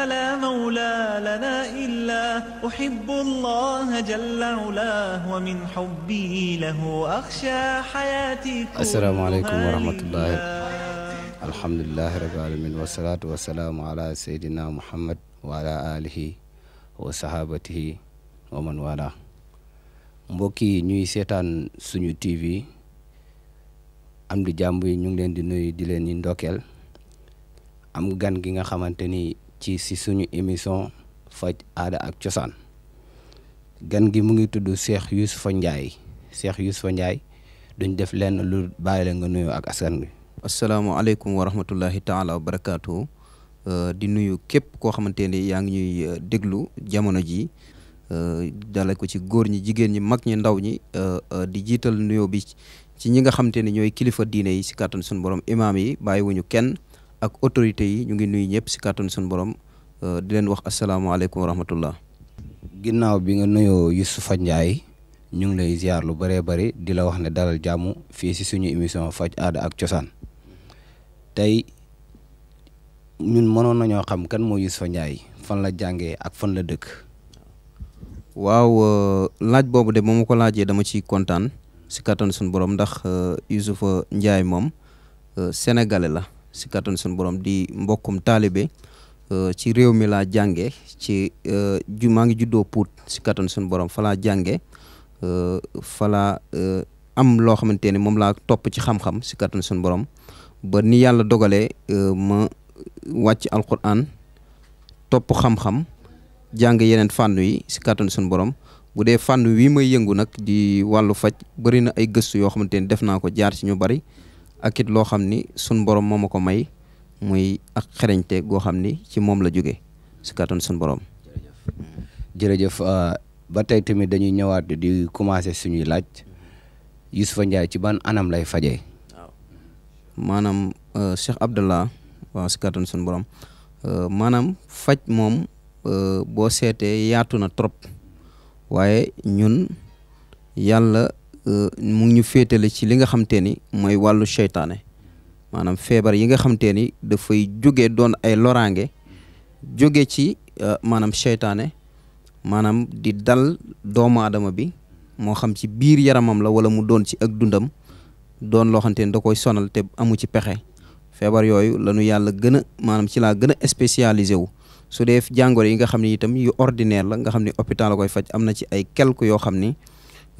فلا مولى لنا إلا أحب الله جل علاه ومن حبي له أخشى حياتي السلام عليكم ورحمة الله الحمد لله رب العالمين والصلاة والسلام على سيدنا محمد وعلى آله وصحابته ومن والاه mbokk yi ñuy seetaan suñu TV am di jàmb yi ñu ngi leen di nuyu di leen di ndokkeel am gan gi nga xamante ni ci si suñu émission faj aada ak cosaan gan gi mu ngi tudd Cheikh Youssoufa Ndiaye Cheikh Youssoufa Ndiaye duñ def lenn lu bàyyi leen nga nuyoo ak askan wi. asalaamaaleykum wa rahmatullahi taala wa barakaatu euh, di nuyu képp koo xamante ne yaa ngi ñuy euh, déglu jamono ji euh, dala ko ci góor ñi jigéen ñi mag ñi ndaw ñi di jiital nuyoo bi ci ñi nga xamante ne ñooy kilifa diine yi si kàttan suñu borom imaam yi bàyyiwuñu kenn. ak autorité yi ñu ngi nuyu ñëpp si kàttan suñu borom euh, di leen wax asalaamaaleykum wa rahmatullah ginnaaw bi nga nuyoo Youssoufa Ndiaye ñu ngi lay ziar lu bëree bëri di la wax ne dalal jàmm fii si suñu émission faj aada ak cosaan tey ñun mënoon nañoo xam kan moo Youssoufa Ndiaye fan la jàngee ak fan la dëkk. waaw euh, laaj boobu de ba ma ko laajee dama ciy kontaan si kàttan suñu borom ndax euh, Youssoufa Ndiaye moom sénégalais la. si kattan suñu borom di mbokkum taalibe euh, ci réew mi laa jànge ci euh, ju maa ngi juddoo Pout si kattan borom fa laa jànge euh, fa laa am loo xamante ne moom laa topp ci xam-xam si kattan borom ba yàlla dogalee ma wàcc alquran topp xam jàng yeneen fànn yi si kattan borom bu dee fànn wii may yëngu nag di wàllu faj bëri na ay gëstu yoo xamante ni def naa ko jaar ci ñu bari ak it loo xam ni sunu borom moo ma ko may muy ak xereñte goo xam ni ci moom la jóge si kàttan sunu borom. jërëjëf euh, ba tey tamit dañuy ñëwaat di commencer suñuy laaj Youssoupha Ndiaye ci ban anam lay fajee. waaw maanaam euh, Cheikh Abdallah waaw si kàttan sunu borom euh, maanaam faj moom boo seetee yaatu na trop waaye ñun yàlla. Euh, mu ngi ñu féetale ci li nga xamante ni mooy wàllu seytaane maanaam feebar yi nga xamante ni dafay jóge doon ay loraange jóge ci euh, maanaam seytaane maanaam di dal doomu aadama bi moo xam ci biir yaramam la wala mu doon ci ak dundam doon loo xamante ni da koy sonal te amu ci pexe feebar yooyu lañu yàlla gën a maanaam ci laa gën a spécialisé wu su dee jàngoor yi nga xam ne itam yu ordinaire la nga xam ne hôpital la koy faj am na ci ay quelque yoo xam ni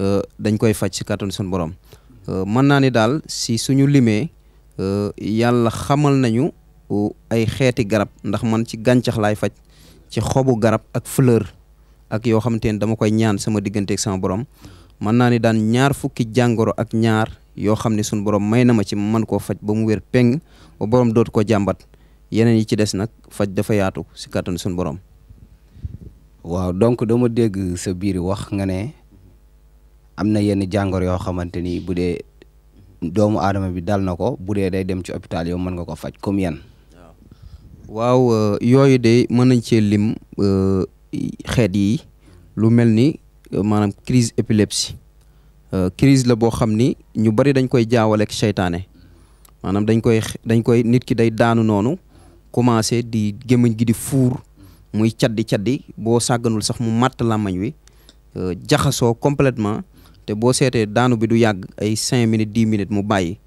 Euh, dañ koy faj si kattan suñu borom euh, mën naa ni daal si suñu limee euh, yàlla xamal nañu ay xeeti garab ndax man ci gàncax laay faj ci xobu garab ak fleur ak yoo xamante ne dama koy ñaan sama digganteeg sama borom mën naa ni daan ñaar fukki jàngoro ak ñaar yoo xam ne suñu borom may na ma ci man koo faj ba mu wér peng ba borom dootu ko jàmbat yeneen yi ci des nag faj dafa yaatu si kàttan suñu borom. waaw donc dama dégg sa biir wax nga ne. am na yenn jàngoro yoo xamante ni bu dee doomu aadama bi daal na ko bu dee day dem ci hôpital yow mën nga ko faj comme yan. waaw euh, yooyu de mën nañ cee lim euh, xeet yi lu mel ni euh, maanaam crise épilepsie crise la boo xam ni ñu bari dañ koy jaawale ak seytaane maanaam dañ koy dañ koy nit ki day daanu noonu commencé di gémmiñ gi di fuur muy caddi caddi boo sàgganul sax mu matt làmmañ wi jaxasoo completement te boo seetee daanu bi du yàgg ay cinq minutes dix minutes mu bàyyi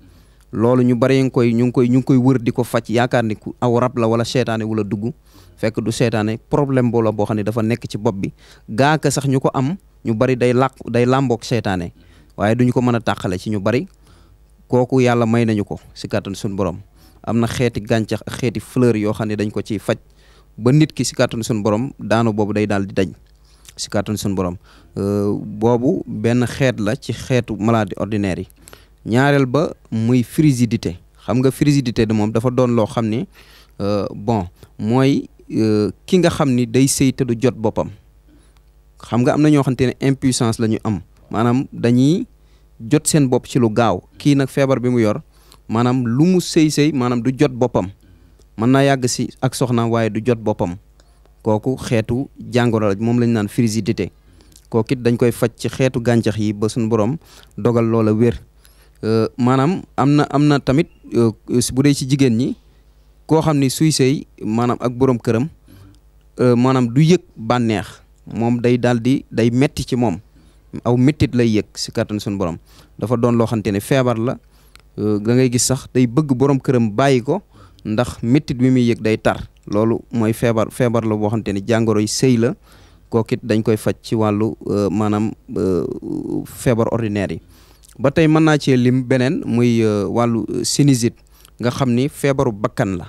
loolu ñu bari ngi koy ñu ngi koy ñu ngi koy wër di ko faj yaakaar ni aw rab la wala seetaane wala dugg fekk du seetaane problème boola boo xam ne dafa nekk ci bopp bi gaaka sax ñu ko am ñu bari day làq day làmboog seetaane waaye duñu ko mën a tàqale ci ñu bari kooku yàlla may nañu ko si kàttan suñu borom am na xeeti gàncax ak xeeti yoo xam ne dañ ko ciy faj ba nit ki si kàttan suñu borom daanu boobu day daal di dañ si kàttan suñu borom euh, boobu benn xeet la ci xeetu maladie ordinaire yi ñaareel ba muy frigidité xam nga frigidité de moom dafa doon loo xam ni euh, bon mooy euh, ki nga xam ni day sëy te du jot boppam xam nga am na ñoo xamante ne impuissance la ñu am maanaam dañuy jot seen bopp ci lu gaaw kii nag feebar bi mu yor maanaam lu mu sëy sëy maanaam du jot boppam mën naa yàgg si ak soxna waaye du jot boppam kooku xeetu jàngoro la moom lañ naan frigidité kooku it dañ koy faj ci xeetu gàncax yi ba suñu borom dogal loola wér euh, maanaam am na am na tamit euh, bu dee ci jigéen ñi koo xam ni suy sëy maanaam ak borom këram euh, maanaam du yëg bànneex moom day daal di day metti ci moom aw mettit lay yëg si kàttan suñu borom dafa doon loo xamante ne feebar la da ngay gis sax day bëgg borom këram bàyyi ko ndax mettit bi muy yëg day tar loolu mooy feebar feebar la boo xamante ni jàngoro yi sëy la kookit dañ koy faj ci wàllu euh, maanaam euh, feebar ordinaire yi ba tey mën naa cee lim beneen muy euh, wàllu sinusite nga xam ni feebaru bakkan la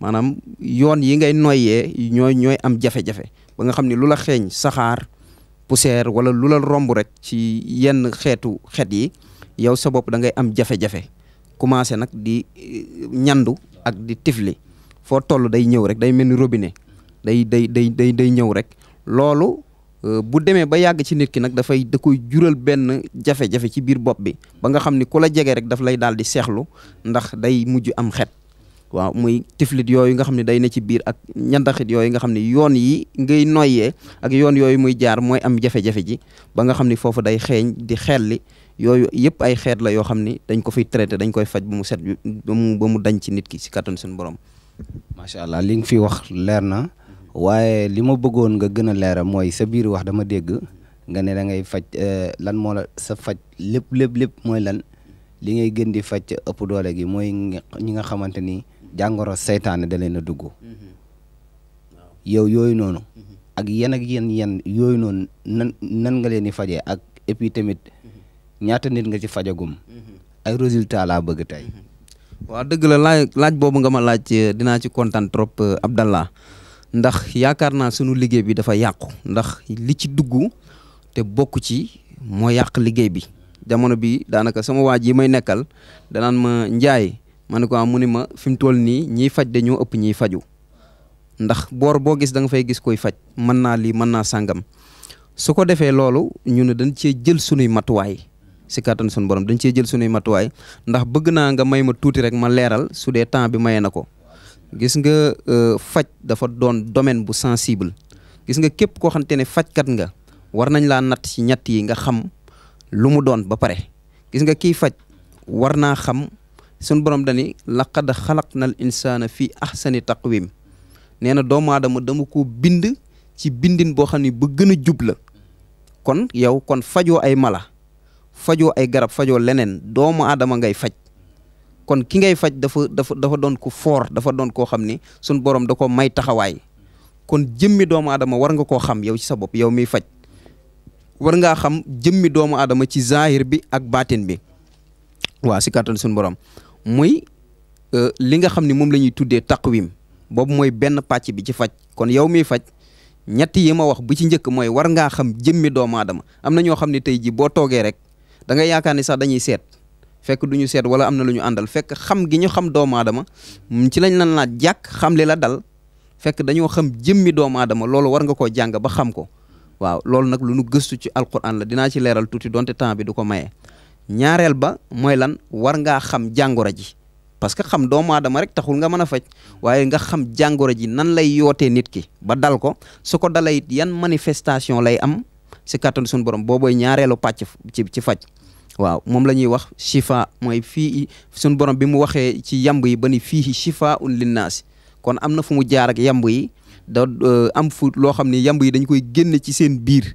maanaam yoon yi ngay noyee ñooy ñooy am jafe-jafe ba nga xam ni lu la xeeñ saxaar poussière wala lu la romb rek ci yenn xeetu xeet yi yow sa bopp da ngay am jafe-jafe commencé nag di ñandu ak di tifli foo toll day ñëw rek day mel ni robinet day day day day day ñëw rek loolu euh, bu demee ba yàgg ci nit ki nag dafay da jural benn jafe-jafe ci biir bopp bi ba nga xam ni ku la jege rek daf lay daal di seexlu ndax day mujj am xet waaw muy tiflit yooyu nga xam ne day ne ci biir ak ñandaxit yooyu nga xam ni yoon yi ngay noyyee ak yoon yooyu muy jaar mooy am jafe-jafe ji ba nga xam ni foofu day xeeñ di xeelli yooyu yëpp ay xeet la yoo xam ni dañ ko fiy traité dañ koy faj ba mu set ba mu ba mu dañ ci nit ki si kattan suñu borom macha allah li nga fi wax leer na waaye li ma bëggoon nga gën a leera mooy sa biir wax dama dégg nga ne da ngay faj euh, lan moo la sa faj lépp lépp lépp mooy lan li ngay gën di faj ëpp doole gi mooy ñi nga xamante ni jàngoro seytaane da leen a dugg mm-hmm. yow yooyu noonu mm-hmm. ak yan ak yan yan yooyu noonu nan nan nga leen di fajee ak et puis tamit mm-hmm. ñaata nit nga ci fajagum ay résultat laa bëgg tey waa dëgg la laaj laaj boobu nga ma laaj eh, dinaa ci kontaan trop eh, Abdallah ndax yaakaar naa sunu liggéey bi dafa yàqu ndax li ci dugg te bokk ci moo yàq liggéey bi jamono bi daanaka sama waaj yi may nekkal danaan ma njaay ma ne ko ah, mu ni ma fi mu toll nii ñiy faj dañoo ëpp ñiy faju ndax boor boo gis da nga fay gis koy faj mën naa lii mën naa sangam su ko defee loolu ñun ne dañ cee jël sunuy matuwaay si kàttan suñu borom dañ cee jël sunuy matuwaay ndax bëgg naa nga may ma tuuti rek ma leeral su dee temps bi maye na ko gis nga euh, faj dafa doon domaine bu sensible gis nga képp koo xamante ne fajkat nga war nañ laa natt ci ñett yi nga xam lu mu doon ba pare gis nga kiy faj war naa xam suñu borom dani laqad xalaqnal insaana fi ahsani taqwim nee na doomu aadama dama ko bind ci bindin boo xam ne ba gën a jub la kon yow kon fajoo ay mala fajo ay garab fajo leneen doomu aadama ngay faj kon ki ngay faj dafa dafa dafa doon ku foor dafa doon koo xam ni suñ borom da ko may taxawaay kon jëmmi doomu adama war nga koo xam yow ci sa bopp yow miy faj war ngaa xam jëmmi doomu aadama ci zahir bi ak baatin bi waaw si kàttan suñu borom muy euh, li nga xam ni moom la ñuy tuddee taqwim boobu mooy benn pàcc bi ci faj kon yow mi faj ñett yi ma wax bu ci njëkk mooy war ngaa xam jëmmi doomu aadama am na ñoo xam ne tey jii boo toogee rek da nga yaakaar ni sax dañuy seet fekk du ñu seet wala am na lu ñu àndal fekk xam gi ñu xam doomu aadama ci lañ lan naa jàkk xam li la dal fekk dañoo xam jëmmi doomu aadama loolu war nga koo jàng ba xam ko waaw loolu nag lu nu gëstu ci alquran la dinaa ci leeral tuuti donte temps bi du ko maye. ñaareel ba mooy lan war ngaa xam jàngoro ji parce que xam doomu aadama rek taxul nga mën a faj waaye nga xam jàngoro ji nan lay yootee nit ki ba dal ko su ko dalayit yan manifestation lay am si kàttanu suñu borom boobooy ñaareelu pàcc ci ci faj waaw moom la ñuy wax shifa mooy fii suñu borom bi mu waxee ci yamb yi ba ni fii shifa un linnaasi kon am na fu mu jaar ak yamb yi da euh, am fu loo xam ni yamb yi dañ koy génne ci seen biir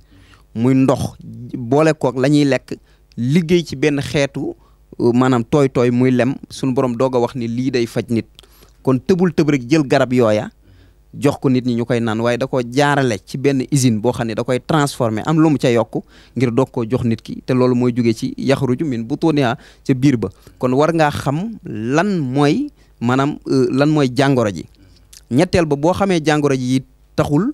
muy ndox boole koog la ñuy lekk liggéey ci benn xeetu euh, maanaam tooy tooy muy lem suñu borom doog a wax ni lii day faj nit kon tëbul tëb rek jël garab yooya jox ko nit ñi ñu koy naan waaye da koo jaarale ci benn usine boo xam ne da koy transformé am lu mu ca yokk ngir doog koo jox nit ki te loolu mooy jóge ci yaxaruju min bu tuuniha ca biir ba kon war ngaa xam lan mooy maanaam euh, lan mooy jàngoro ji ñetteel ba boo xamee jàngoro ji yi taxul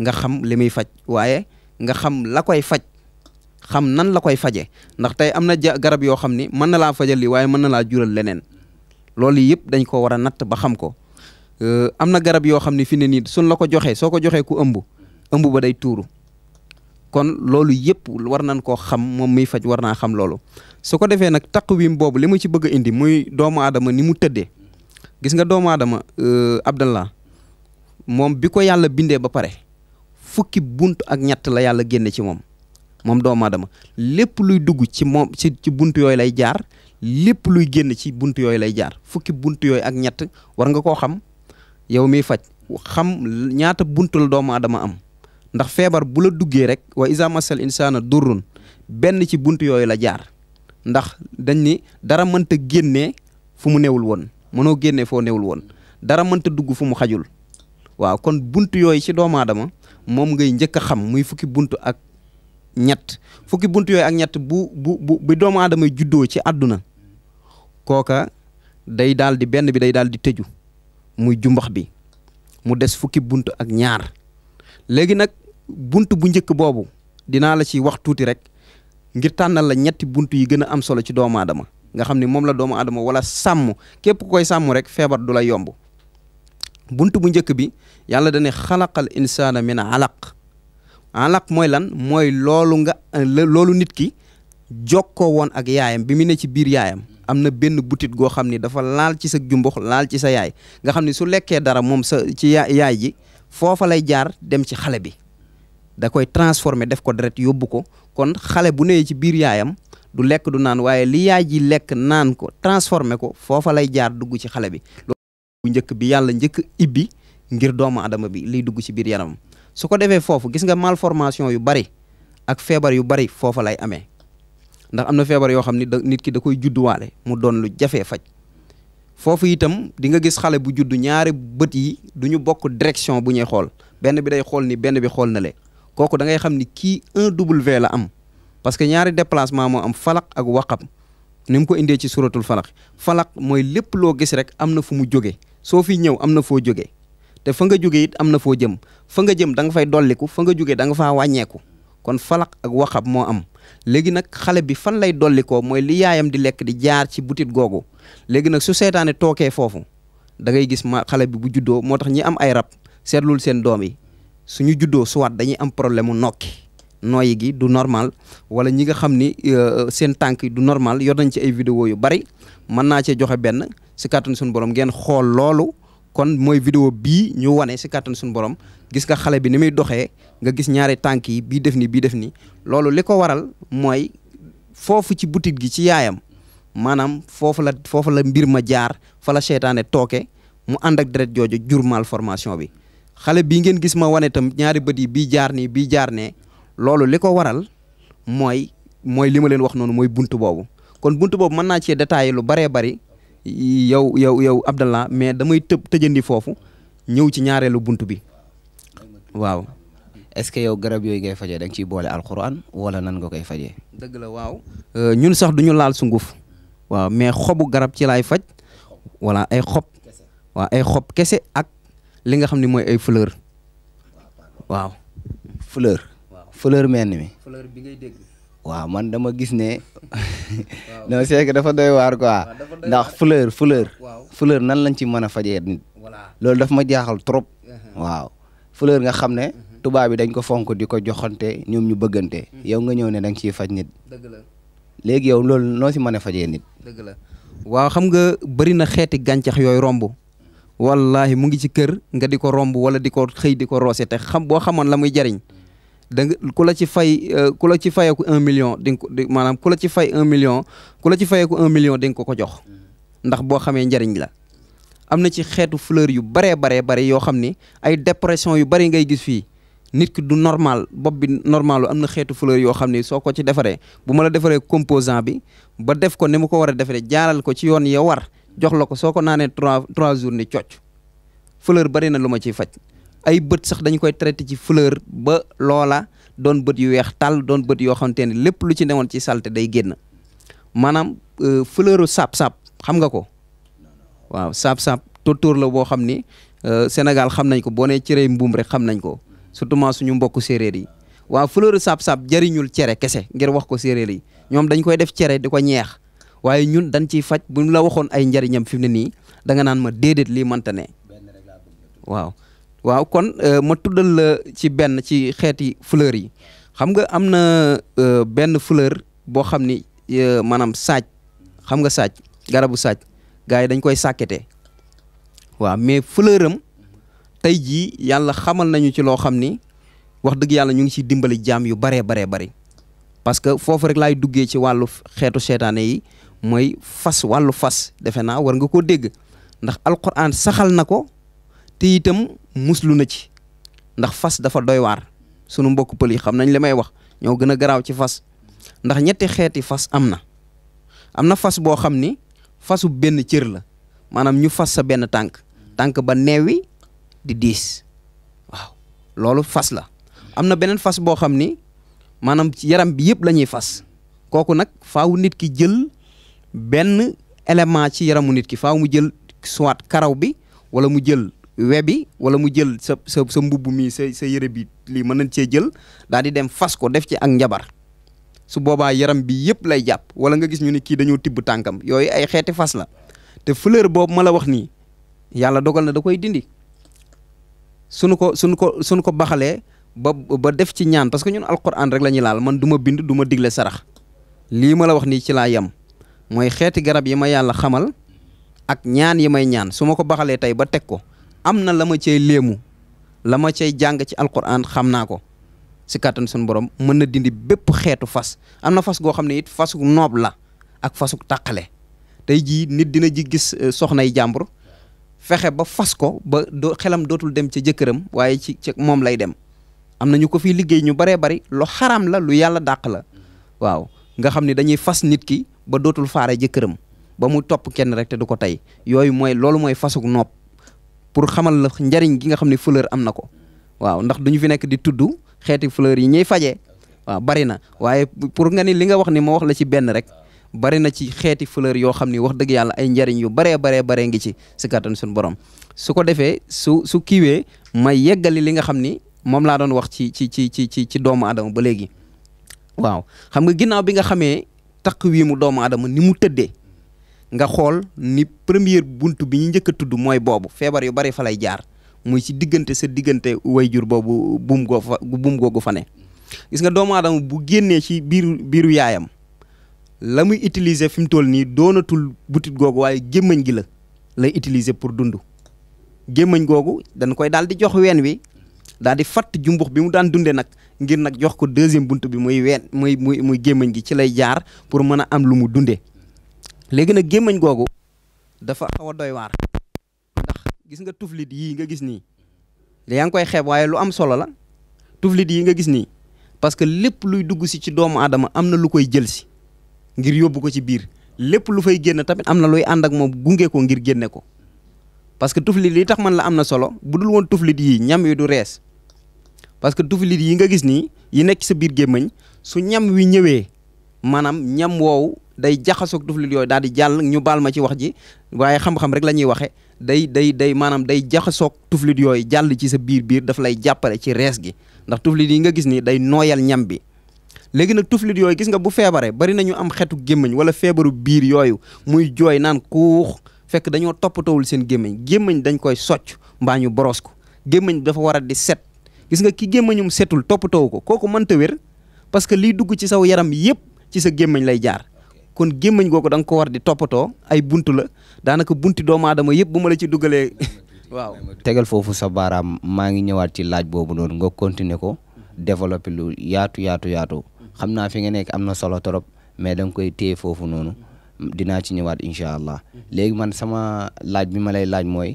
nga xam li muy faj waaye nga xam la koy faj xam nan la koy faje ndax tey am na garab yoo xam ni mën na laa fajal li waaye mën na laa jural leneen loolu yëpp dañ ko war a natt ba xam ko Euh, am na garab yoo xam ne fi ne nii suñ la ko joxee soo ko joxee ku ëmb ëmb ba day tuuru kon loolu yëpp war nañ koo xam moom muy faj war naa xam loolu su ko defee nag taq taqwim boobu li ma ci bëgg indi muy doomu aadama ni mu tëddee gis nga doomu aadama euh, Abdallah moom bi ko yàlla bindee ba pare fukki bunt ak ñett la yàlla génne ci moom moom doomu aadama lépp luy dugg ci moom ci ci bunt yooyu lay jaar lépp luy génn ci bunt yooyu lay jaar fukki bunt yooyu ak ñett war nga koo xam yow miy faj xam ñaata buntal doomu aadama am ndax feebar bu la duggee rek wa isa masal insaana durrun benn ci bunt yooyu la jaar ndax dañ ni dara mënta génnee fu mu newul woon mënoo génnee foo newul woon dara mënta dugg fu mu xajul waaw kon bunt yooyu ci doomu aadama moom ngay njëkk a xam muy fukki bunt ak ñett fukki bunt yooyu ak ñett bu bu bu bi doomu aadama juddoo ci adduna kooka day daal di benn bi day daal di tëju muy jumbax bi mu des fukki bunt ak ñaar léegi nag bunt bu njëkk boobu dinaa la ci wax tuuti rek ngir tànnal la ñetti bunt yi gën a am solo ci doomu aadama nga xam ni moom la doomu aadama wala sàmm képp koy sàmm rek feebar du la yomb bunt bu njëkk bi yàlla dane xalaqal insaana min alaq alaq mooy lan mooy loolu nga loolu nit ki ko woon ak yaayam bi mu ne ci biir yaayam am na benn butit goo xam ni dafa laal ci sa jumbux laal ci sa yaay nga xam ni su lekkee dara moom sa ci yaay ji foofa lay jaar dem ci xale bi da koy transformer def ko deret yóbbu ko kon xale bu nee ci biir yaayam du lekk du naan waaye li yaay ji lekk naan ko transformer ko foofa lay jaar dugg ci xale bi. bu njëkk bi yàlla njëkk ibbi ngir doomu adama bi liy dugg ci biir yaramam su ko defee foofu gis nga mal formation yu bari ak feebar yu bari foofa lay amee. ndax am na feebar yoo xam ni da nit ki da koy judduwaale mu doon lu jafee faj foofu itam di nga gis xale bu juddu ñaari bët yi du ñu bokk direction bu ñuy xool benn bi day xool ni benn bi xool na le kooku da ngay xam ni kii un double la am parce que ñaari déplacement moo am falaq ak waqab ni mu ko indee ci suratul falaq falak mooy lépp loo gis rek am na fu mu jóge soo fi ñëw am na foo jóge te fa nga jóge it am na foo jëm fa nga jëm da nga fay dolliku fa nga jóge da nga faa wàññeeku kon falaq ak waqab moo am léegi nag xale bi fan lay dolli ko mooy li yaayam di lekk di jaar ci butit googu léegi nag su seetaanee tookee foofu da ngay gis ma xale bi bu juddoo moo tax ñi am ay rab seetlul seen doom yi suñu juddoo suwaat dañuy am problème mu nokki nooyi gi du normal wala ñi nga xam ni euh, seen tànk du normal yor nañ ci ay vidéo yu bari mën naa cee joxe benn si kàttan suñu borom ngeen xool loolu kon mooy vidéo bii ñu wane si kàttan suñu borom gis nga xale bi ni muy doxee nga gis ñaari tànk yi bii def ni bii def ni loolu li ko waral mooy foofu ci boutique gi ci yaayam maanaam foofu la foofu la mbir ma jaar fa la seytaane tooke mu ànd ak deret jooju jur formation bi xale bii ngeen gis ma wane tam ñaari bët yi bii jaar nii bii jaar ne loolu li ko waral mooy mooy li ma leen wax noonu mooy bunt boobu kon bunt boobu mën naa cee détaillé lu baree bari yow yow yow Abdallah mais damay tëb tëjandi foofu ñëw ci ñaareelu bunt bi waaw est-ce que yow garab yooyu ngay fajee da nga ciy boole alxuraan wala nan nga koy faje dëgg la waaw euh, ñun sax du ñu laal sunguf waaw mais xobu garab ci lay faj wala ay xob. waaw xob kese ak li nga xam ni mooy ay fleur. waaw fleur. fleur mel mi. fleur bi ngay dégg. waaw man dama gis ne non dafa doy waar quoi ndax fleur fleur. fleur nan lañ ci mën a fajee nit. loolu daf ma jaaxal trop. Uh-huh. waaw. fleur nga xam ne mhm. tubaab bi dañ ko fonk di ko joxante ñoom ñu bëggante mhm. yow nga ñëw ne da nga ciy faj nit dëgg la léegi yow lool noo si mën a fajee nit dëgg la waaw xam nga bëri na xeeti gàncax yooyu romb wallahi mu ngi ci kër nga di ko romb wala di ko xëy di ko roose te xam boo xamoon la muy jariñ da ku la ci fay euh, ku la ci fayeeku un million din ko maanaam ku la ci fay un million ku la ci fayeeku un million di nga ko ko jox mhm. ndax boo xamee njariñ la am na ci xeetu fleur yu baree baree bare yoo xam ni ay dépression yu bari ngay gis fii nit ki du normal bopp bi normalu am na xeetu fleur yoo xam ni soo ko ci defaree bu ma la defaree composant bi ba def ko ni mu ko war a defaree jaaral ko ci yoon ya war jox la ko soo ko naanee trois trois jours ni cocc fleur bari na lu ma ciy faj ay bët sax dañu koy traité ci fleur ba loola doon bët yu weex tàll doon bët yoo xamante ne lépp lu ci newoon ci salte day génn maanaam euh, fleuru sap-sap xam nga ko waaw saab-saab tóortóor la boo xam ni euh, Sénégal xam nañ ko boo ne cere mbuum rek xam nañ ko surtout suñu mbokku séeréer yi waaw fleur saab-saab jëriñul cere kese ngir wax ko séeréer yi ñoom dañ koy def cere di ko ñeex waaye ñun dañ ciy faj buñ la waxoon ay njëriñam fi mu ne nii da nga naan ma déedéet lii mënta ne waaw kon euh, ma tuddal la ci benn ci xeeti fleur yi xam nga am na euh, benn fleur boo xam ni maanaam saaj xam nga saaj garabu saaj gars yi dañ koy sàkkete waaw mais fleur am tey jii yàlla xamal nañu ci loo xam ni wax dëgg yàlla ñu ngi ciy dimbali jaam yu baree baree bari parce que foofu rek laay duggee ci wàllu xeetu seetaane yi mooy fas wàllu fas defe naa war nga koo dégg ndax alquran saxal na ko te itam muslu na ci ndax fas dafa doy waar sunu mbokk pël yi xam nañ li may wax ñoo gën a garaaw ci fas ndax ñetti xeeti fas am na am na fas boo xam ni fasu benn cër la maanaam ñu fas sa benn tànk tànk ba neewi di diis waaw loolu fas la am na beneen fas boo xam ni maanaam yaram bi yëpp lañuy fas kooku nag faaw nit ki jël benn élément ci yaramu nit ki faaw mu jël soit karaw bi wala mu jël we bi wala mu jël sa sa sa mbubb mi sa sa yëre bi lii mën nañ cee jël daal di dem fas ko def ci ak njabar su boobaa yaram bi yëpp lay jàpp wala nga gis ñu ni kii dañoo tibb tànkam yooyu ay xeeti fas la te fleur boobu ma la wax nii yàlla dogal na da koy dindi suñu ko suñu ko suñu ko baxalee ba def ci ñaan parce que ñun alquran rek la ñuy laal man duma bind du digle sarax lii ma la wax nii ci laa yam mooy xeeti garab yi ma yàlla xamal ak ñaan yi may ñaan su ma ko baxalee tey ba teg ko am na la ma cay léemu la ma cay jàng ci alquran xam naa ko si kàttan suñu borom mën na dindi bépp xeetu fas am na fas goo xam ne it fasu noob la ak fasuk tàqale tey jii nit dina ji gis euh, soxnay jàmbur fexe ba fas ko ba doo xelam dootul dem ca jëkkëram waaye ci moom lay dem am na ñu ko fiy liggéey ñu baree bari lu xaraam la lu yàlla dàq la waaw nga xam ne dañuy fas nit ki ba dootul faare jëkkëram ba mu topp kenn rek te du ko tey yooyu mooy loolu mooy fasuk nopp pour xamal la njariñ gi nga xam ne fleur am na ko xeeti fleur yi ñuy fajee waaw bari na waaye pour nga ni li nga wax ni ma wax la ci benn rek bari na ci xeeti fleur yoo xam ni wax dëgg yàlla ay njariñ yu baree baree baree ngi ci si kàttan sunu borom su ko defee su su kiiwee may yeggali li nga xam ni moom laa doon wax ci ci ci ci ci ci doomu adama ba léegi waaw xam nga ginnaaw bi nga xamee wii mu doomu adama ni mu tëddee nga xool ni première bunt bi ñu njëkk tudd mooy boobu feebar yu bari fa lay jaar muy ci diggante sa diggante wayjur boobu buum goo fa buum googu fa ne gis nga doomu aadama bu génnee ci biiru biiru yaayam la muy utiliser fi mu toll nii doonatul butit googu waaye gémmañ gi la lay utiliser pour dund gémmañ googu dan koy daal di jox ween wi daal di fatt jumbux bi mu daan dundee nag ngir nag jox ko deuxième bunt bi muy ween muy muy muy gémmañ gi ci lay jaar pour mën a am lu mu dundee léegi nag gémmañ googu dafa xaw a doy waar gis nga tuflit yii nga gis nii yaa ngi koy xeeb waaye lu am solo la tuflit yii nga gis nii parce que lépp luy dugg si ci doomu aadama am na lu koy jël si ngir yóbbu ko ci biir lépp lu fay génn tamit am na luy ànd ak moom gunge ko ngir génne ko parce que tuflit yi tax man la am na solo bu dul woon tuflit yii ñam yi du rees parce que tuflit yi nga gis nii yi nekk sa biir gémmañ su ñam wi ñëwee maanaam ñam woowu day jaxasoog tuflit yooyu daal di jàll ñu baal ma ci wax ji waaye xam-xam rek la ñuy waxee day day day maanaam day jaxasoog tuflit yooyu jàll ci sa biir biir daf lay jàppale ci rees gi ndax tuflit yi nga gis nii day nooyal ñam bi léegi nag tuflit yooyu gis nga bu feebaree bari nañu am xetu gémmiñ wala feebaru biir yooyu muy jooy naan kuux fekk dañoo toppatawul seen gémmiñ gémmiñ dañ koy socc mbaa ñu boros ko gémmiñ dafa war a di set gis nga ki gémmiñum setul toppatawu ko kooku mënta wér parce que lii dugg ci saw yaram yépp ci sa gémmiñ lay jaar kon gémmiñ googu da nga ko war di toppatoo ay bunt la daanaka bunti doomu aadama yëpp bu ma la ci dugalee. waaw tegal foofu sa baaraam maa ngi ñëwaat ci laaj boobu noonu nga continuer ko développer lu yaatu yaatu yaatu xam naa fi nga nekk am na solo trop mais da nga koy téye foofu noonu dinaa ci ñëwaat incha allah léegi man sama laaj bi ma lay laaj mooy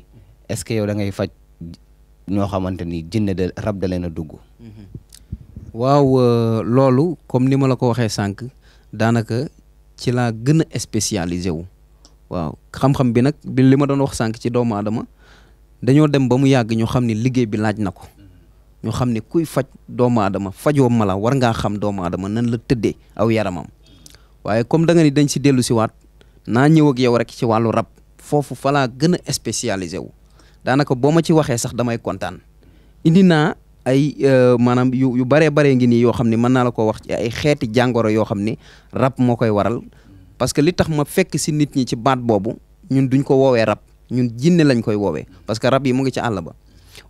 est-ce que yow da ngay faj ñoo xamante ni jinne rab da leen a dugg. waaw euh, loolu comme ni ma la ko waxee sànq daanaka ci laa gën a wu. waaw xam-xam bi nag bi li ma doon wax sànq ci doomu adama dañoo dem ba mu yàgg ñoo xam ni liggéey bi laaj na ko ñu xam ne kuy faj doomu aadama fajoo mala war ngaa xam doomu aadama nan la tëddee aw yaramam waaye comme danga nga dañ si dellu si waat naa ñëw ak yow rek ci wàllu rab foofu falaa gën a spécialisé wu daanaka boo ma ci waxee sax damay kontaan indi naa ay euh, maanaam yu yu baree baree ngi nii yoo xam ne mën naa la ko wax ci ay xeeti jàngoro yoo xam ni rab moo koy waral parce que li tax ma fekk si nit ñi ci baat boobu ñun duñ ko woowee rab ñun jinne lañ koy woowee parce que rab yi mu ngi ci àll ba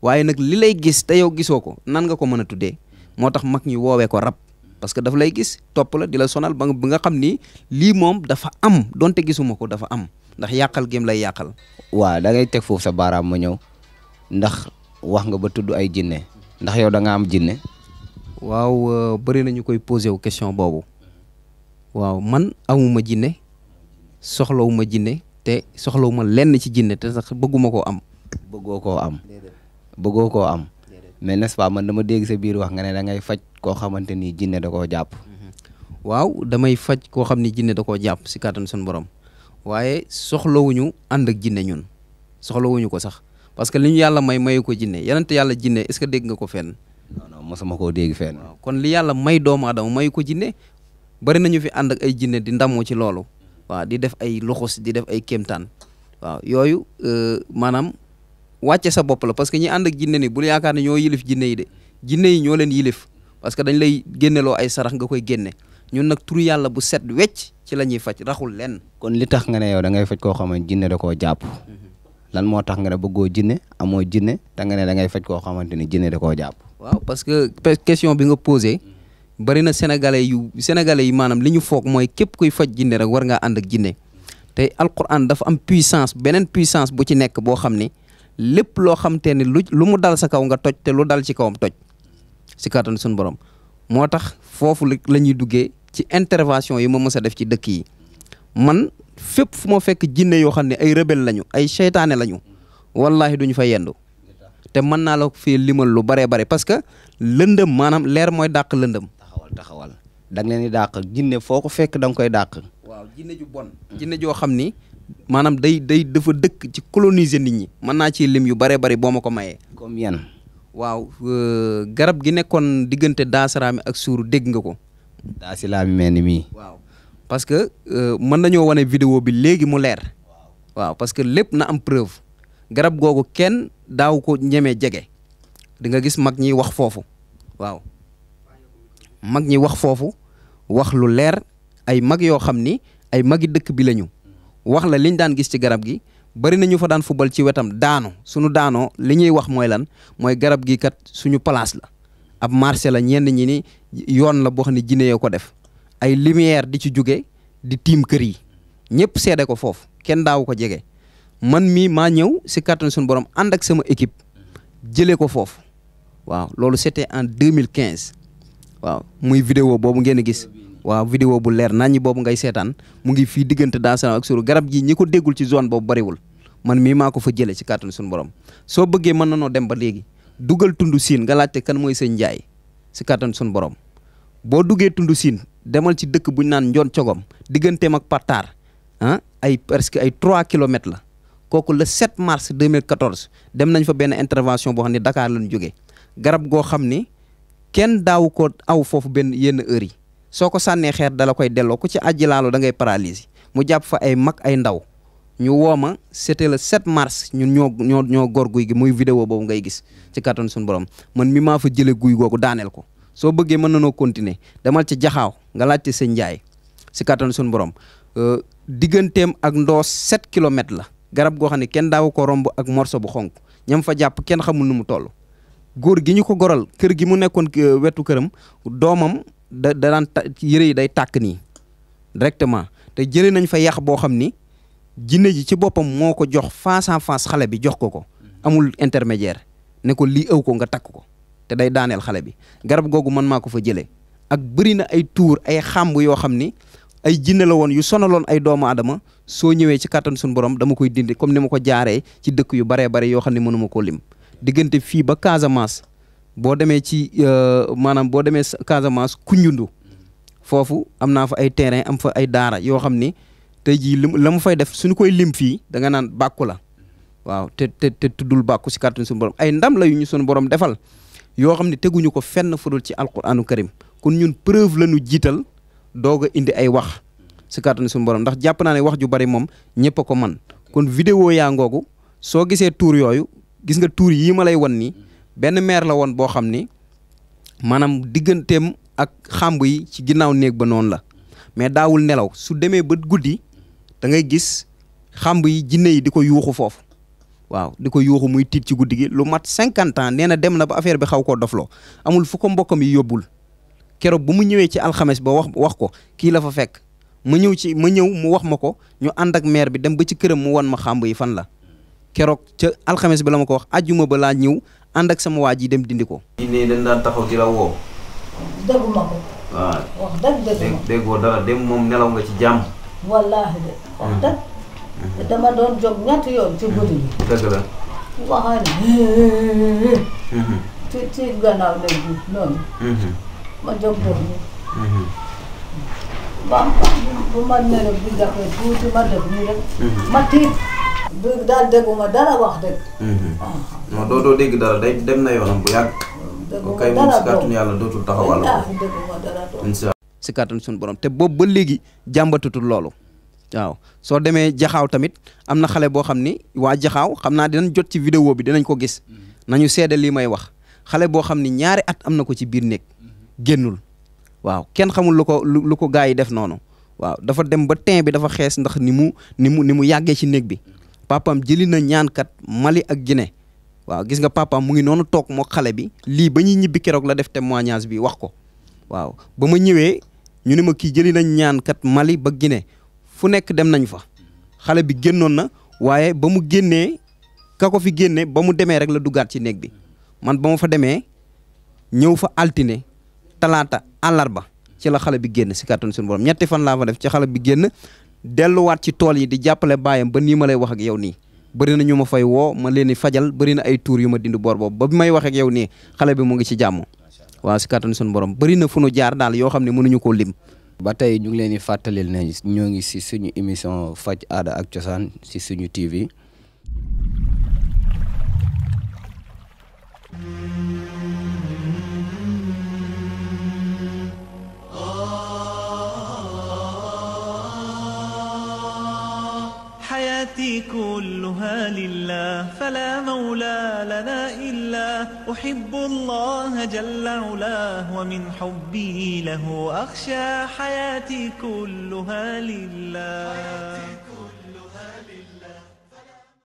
waaye nag li lay gis te yow gisoo ko nan nga ko mën a tuddee moo tax mag ñi woowee ko rab parce que dafa lay gis topp la di la sonal ba nga xam ni lii moom dafa am donte gisuma ko dafa am ndax yàqal gém lay yàqal. waa da ngay teg foofu sa baaraam ma ñëw ndax wax nga ba tudd ay jinne ndax yow da nga am jinne waaw euh, bëri nañu koy posé wu question boobu waaw man amuma jinne soxlawuma jinne te soxlawuma lenn ci jinne te sax bëgguma koo am bëggoo koo am bëggoo koo am mais n'est-ce man dama dégg sa biir wax nga ne da ngay faj koo xamante ni jinne da koo jàpp mm-hmm. waaw damay faj koo xam ni jinne da koo jàpp si kàttan suñu borom waaye soxlawuñu ànd ak jinne ñun soxlawuñu ko sax parce que li ñu yàlla may mayu ko jinne yenente yàlla jinne est que dégg nga ko fenn non non koo dégg fenn kon li yàlla may doomu adama mayu ko jinne bari nañu fi ànd ak ay jinne di ndamoo ci loolu waaw di def ay loxos di def ay kéemtaan waaw yooyu euh, maanaam wàcce sa bopp la parce que ñi ànd ak jinne ni bul yaakaar ne ñoo yilif jinne yi de jinne yi ñoo leen yilif parce que dañ lay génneloo ay sarax nga koy génne ñun nag turu yàlla bu set wecc ci la ñuy faj raxul lenn. kon li tax nga ne yow da ngay faj koo xam ne jinne da koo jàpp mm-hmm. lan moo tax nga ne bëggoo jinne amoo jinne te nga ne da ngay faj koo xamante ni jinne da koo jàpp. bari na sénégalais yu sénégalais yi maanaam li ñu foog mooy képp kuy faj jinne rek war ngaa ànd ak jinne te alquran dafa am puissance beneen puissance bu ci nekk boo xam ni lépp loo xam te ni lu lu mu dal sa kaw nga toj te lu dal ci kawam toj si kàttan suñu borom moo tax foofu la ñuy duggee ci intervention yi ma mës def ci dëkk yi man fépp fu ma fekk jinne yoo xam ne ay rebelle lañu ay seytaane lañu wallaahi duñu fa yendu te mën naa la fii limal lu baree bare parce que lëndëm maanaam leer mooy dàq lëndëm taxawal taxawal da nga leen di dàq jinne foo ko fekk da koy dàq. waaw jinne ju bon. Mm. jinne joo xam ni maanaam day day dafa dëkk ci coloniser nit ñi mën naa ci lim yu bare bari boo ma ko mayee. comme yan. waaw euh, garab gi nekkoon diggante daasaraami ak suuru dégg nga ko. daasilaami mel ni mii. waaw parce que euh, mën nañoo wane vidéo bi léegi mu leer. waaw parce que lépp na am preuve garab googu kenn daaw ko ñemee jege di gis mag ñiy wax foofu waaw mag ñi wax foofu wax lu leer ay mag yoo xam ni ay magi dëkk bi lañu wax la liñ daan gis ci garab gi bari na ñu fa daan fubal ci wetam daano suñu daanoo li ñuy wax mooy lan mooy garab gi kat suñu place la ab marché la ñenn ñi ni yoon la boo xam ne jinne yoo ko def ay lumière di ci jóge di tiim kër yi ñëpp seede ko foofu kenn daaw ko jege man mii maa ñëw si kàttan suñu borom ànd ak sama équipe jëlee ko foofu waaw loolu c'était en 2015 waaw muy vidéo boobu ngeen a gis waaw vidéo bu leer nañ ñi boobu ngay seetaan mu ngi fii diggante Dansana ak Sourou garab gi ñi ko déggul ci zone boobu bariwul man mii maa ko fa jëlee ci kàttanu suñu borom soo bëggee mën na noo dem ba léegi dugal tundu siin nga laajte kan mooy sëñ Njaay ci kàttanu suñu borom boo duggee tundu siin demal ci dëkk bu ñu naan njoon cogom digganteem ak Patar ah ay presque ay 3 kilomètres la kooku le 7 mars 2014 dem nañ fa benn intervention boo xam ne Dakar lañ jógee garab goo xam ni kenn daaw ko aw foofu benn yenn heure yi soo ko sànnee xeer dala koy delloo ku ci àjji laalo da ngay mu jàpp fa ay mag ay ndaw ñu woo ma c'était le 7 mars ñun ñoo ñoo ñoo gor guy gi muy vidéo boobu ngay gis ci kattan suñu borom man mi maa fa jële guy googu daaneel ko soo bëggee mën na noo continuer demal ci jaxaaw nga laajte sëñ Ndiaye si kattan suñu borom euh, digganteem ak ndoo 7 kilomètres la garab goo xam ne kenn daaw ko romb ak morceau bu xonk ñam fa jàpp kenn xamul nu mu toll góor gi ñu ko goral kër gi mu nekkoon wetu këram doomam da da daan yëre yi day tàkk nii directement te jëlee nañ fa yàq boo xam ni jinne ji ci boppam moo ko jox face à face xale bi jox ko ko amul intermédiaire ne ko lii ëw ko nga takk ko te day daaneel xale bi garab googu man maa ko fa jëlee ak bëri na ay tuur ay xàmb yoo xam ni ay jinne la woon yu sonaloon ay doomu aadama soo ñëwee ci kàttan sunu borom dama koy dindi comme ni ma ko jaaree ci dëkk yu baree bare yoo xam ne mënuma koo lim diggante fii ba Casamance boo demee ci euh, maanaam boo demee Casamance Koundioundo foofu am naa fa ay terrain am fa ay daara yoo xam ni tey jii lim la mu fay def suñu koy lim fii da nga naan bàkku la waaw te te te tuddul bàkku si kàttanu suñu borom ay ndam la yu ñu suñu borom defal yoo xam ne teguñu ko fenn fudul ci alquranu karim kon ñun preuve la ñu jiital doog a indi ay wax si kàttanu suñu borom ndax jàpp naa ne wax ju bari moom ñëpp a ko man kon vidéo yaa ngoogu soo gisee tuur yooyu gis nga tuur yii ma lay wan nii benn maire la woon boo xam ni maanaam digganteem ak xàmb yi ci ginnaaw néeg ba noonu la mais daawul nelaw su demee ba guddi da ngay gis xàmb yi jinne yi di ko yuuxu foofu waaw di ko yuuxu muy tiit ci guddi gi lu mat cinquante ans nee na dem na ba affaire bi xaw koo dofloo amul fu ko mbokkam yi yóbbul keroog bu mu ñëwee ci alxames ba wax wax ko kii la fa fekk ma ñëw ci ma ñëw mu wax ma ko ñu ànd ak maire bi dem ba ci këram mu wan ma xàmb yi fan la keroog ca alxames bi la ma ko wax ajjuma ba laa ñëw ànd ak sama waa ji dem dindi ko. yi ne dañ daan taxaw di law woo. déggu ko. waaw wax dëgg déggu ma dara dem moom nelaw nga ci jàmm. wallaahi de wax dëgg. Mm-hmm. dama doon jóg ñetti yoon ci la. Mm-hmm. ci ci gannaaw lay ji noonu. Mm-hmm. ma jóg jóg nii. ba bu ma nee rek bu tuuti ma def nii rek. ma tiit. du daal dégguma dara wax dëgg. Mm-hmm. doo doo dégg dara day dem na yoonam bu yàgg. dégguma dara moom si yàlla dootul taxawal. Ah, incha allah borom te boobu ba léegi jàmbatatul loolu. waaw soo demee jaxaaw tamit am na xale boo xam ni waa jaxaaw xam naa dinañ jot ci vidéo bi danañ ko gis mm-hmm. nañu seede lii may wax xale boo xam ni ñaari at am na ko ci biir néeg mm-hmm. génnul waaw kenn xamul lu ko lu ko gaa yi def noonu waaw dafa dem ba teen bi dafa xees ndax ni mu ni mu ni mu yàggee ci néeg bi papam jëli na ñaankat Mali ak gine waaw gis nga papaam mu ngi noonu toog moo xale bi lii ba ñuy ñibbi keroog la def témoignage bi wax ko waaw ba ma ñëwee ñu ni ma kii jëli nañ ñaankat Mali ba gine fu nekk dem nañ fa xale bi génnoon na waaye ba mu génnee ka ko fi génne ba mu demee rek la duggaat ci néeg bi man ba ma fa demee ñëw fa altine talaata àllarba ci la xale bi génn si kàttan suñu borom ñetti fan laa fa def ci xale bi génn delluwaat ci tool yi di jàppale baayam ba nii ma lay wax ak yow nii bëri na ñu ma fay woo ma leen di fajal bëri na ay tuur yu ma dindi boor boob ba bi may wax ak yow nii xale bi mu ngi ci jàmm waaw si kàttan suñu borom bëri na fu nu jaar daal yoo xam ne mënuñu koo lim. ba tey ñu ngi leen di fàttalil ne ñoo ngi si suñu émission faj aada ak cosaan si suñu TV. حياتي كلها لله فلا مولى لنا إلا أحب الله جل علاه ومن حبي له أخشى حياتي كلها لله